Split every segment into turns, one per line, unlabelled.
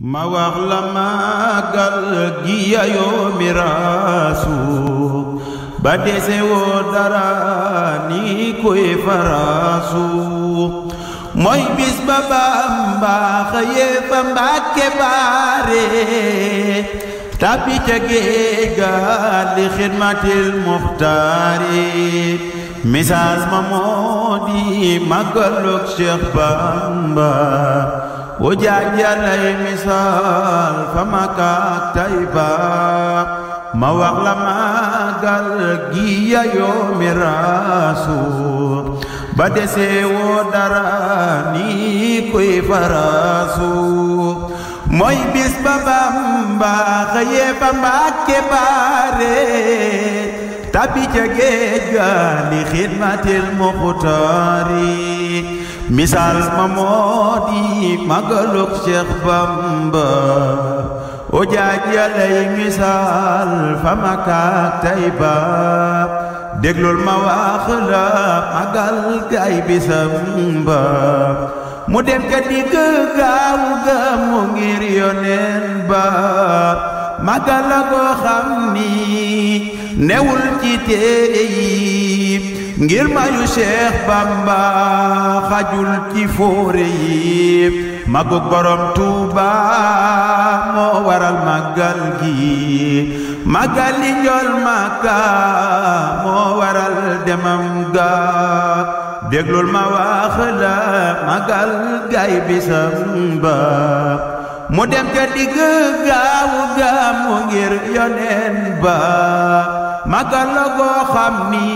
ma wax la màggal gi yayoo miraasu ba dese woo dara ni koy faraasu mooy bis ba Bamba xëyee fa Mbàkke baare tàbbi ca géej ga li muxtaari message ma moo di màggalug Cheikh Bamba وجعل لي مثال فمaka Tayba ma wax la màggal gi ya yoomi raasu ba desee woo dara ni kuy faraasu mooy bis ba Bamba xëyee ba Mbàkke baare tabi ca géej ga li xidmatil muxtaari misaal ma moo di magaluk Cheikh Bamba o jaaj yalay misaal fa makaak Tayba déglul ma wax la magal gay bisam ba mu dem ka dikk gaaw ga mu ngir yoneen ba magal la ko xam ni newul ci téere ngir mayu Cheikh Bamba xajul ci fóore yi magug borom Tuuba moo waral màggal gi màggal li njool Màkka moo waral demam ga déglul ma wax la màggal gay bisam ba mu dem ca digg gaawu gaamu ngir yoneen ba magal la goo xam ni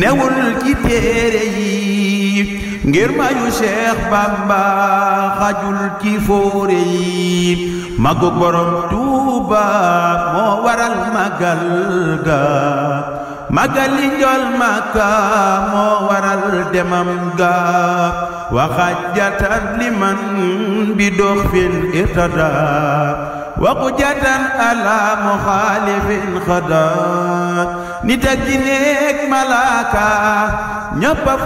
newul ci téere yi ngir mayu Cheikh Bamba xajul ci fóore yi magu Tuuba moo waral magal ga magal li njool Makka moo waral demam ga waxajatan liman bi dox fil waqujatan ala muxaalifin xada nit ak gineek malaaka ñëpp a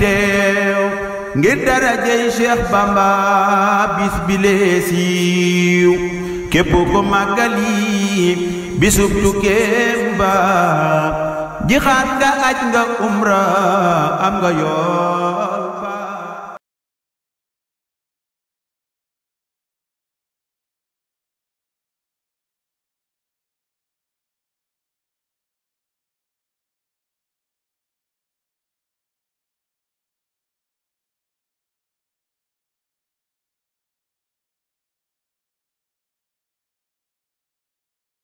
teew ngir darajey Cheikh Bamba bis bi lee siiw képp ko màggali bisub tukkeem ba jixaat nga aj nga umra am nga yoon